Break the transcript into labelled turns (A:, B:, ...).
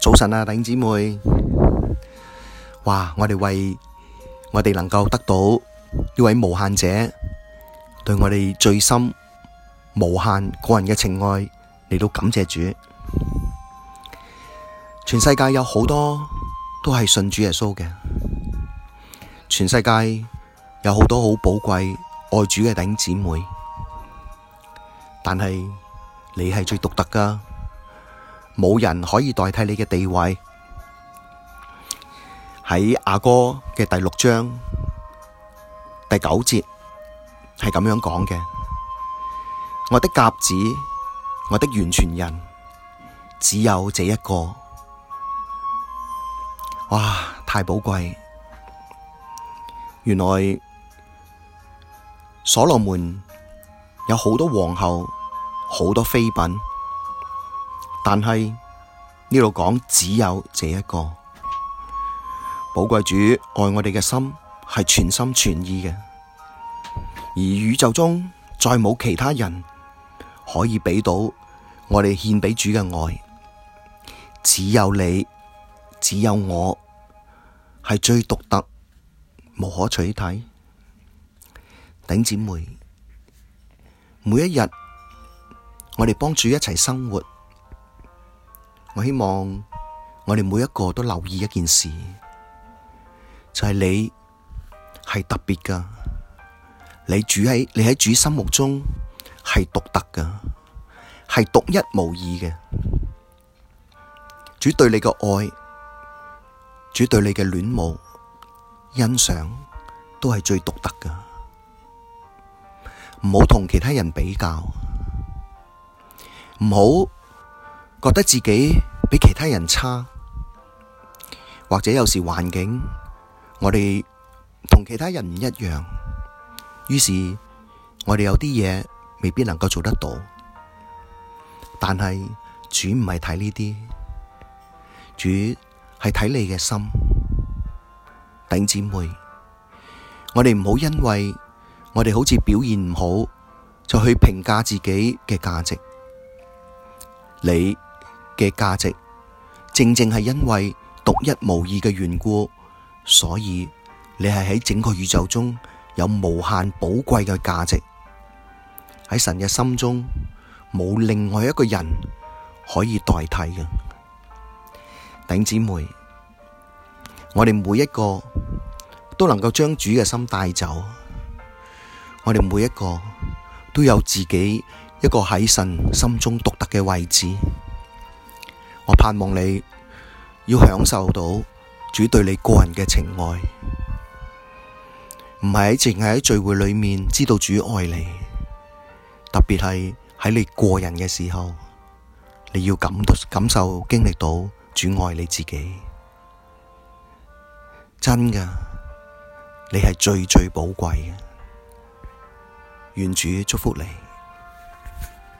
A: 早晨啊，弟兄姊妹，哇！我哋為我哋能夠得到呢位無限者對我哋最深無限個人嘅情愛嚟到感謝主。全世界有好多都係信主耶穌嘅，全世界有好多好寶貴愛主嘅弟兄姊妹，但係你係最獨特㗎。冇人可以代替你嘅地位，喺雅歌嘅第六章第九節係咁樣講嘅。我的鴿子，我的完全人，只有這一個。哇，太寶貴！原來所羅門有好多皇后，好多妃嬪。但係呢度講，只有這一個，寶貴。主愛我哋嘅心係全心全意嘅，而宇宙中再冇其他人可以畀到我哋獻畀主嘅愛，只有你，只有我係最獨特、無可取替頂姐妹。每一日我哋幫主一齊生活。我希望我哋每一個都留意一件事，就係、是、你係特別噶，你主喺你喺主心目中係獨特噶，係獨一無二嘅。主對你嘅愛，主對你嘅戀慕、欣賞，都係最獨特噶唔好同其他人比較，唔好。覺得自己比其他人差，或者有時環境，我哋同其他人唔一樣，於是我哋有啲嘢未必能夠做得到。但係主唔係睇呢啲，主係睇你嘅心。弟兄姊妹，我哋唔好因為我哋好似表現唔好，就去評價自己嘅價值。你嘅價值正正係因為獨一無二嘅緣故，所以你係喺整個宇宙中有無限寶貴嘅價值，喺神嘅心中，冇另外一個人可以代替嘅。頂姊妹，我哋每一個都能夠將主嘅心帶走，我哋每一個都有自己一個喺神心中獨特嘅位置。我盼望你要享受到主對你個人嘅情愛，唔係喺淨係喺聚會裏面知道主愛你，特別係喺你個人嘅時候，你要感感受經歷到主愛你自己，真㗎，你係最最寶貴嘅，願主祝福你。